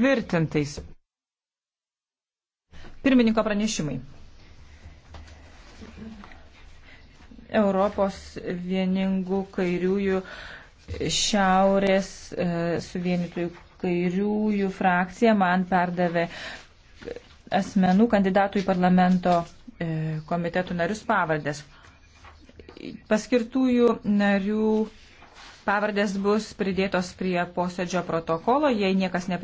patvirtintais. Pirmininko pranešimai. Europos vieningų kairiųjų šiaurės e, suvienytųjų kairiųjų frakcija man perdavė asmenų kandidatų į parlamento e, komitetų narius pavardės. Paskirtųjų narių pavardės bus pridėtos prie posėdžio protokolo, jei niekas neprie.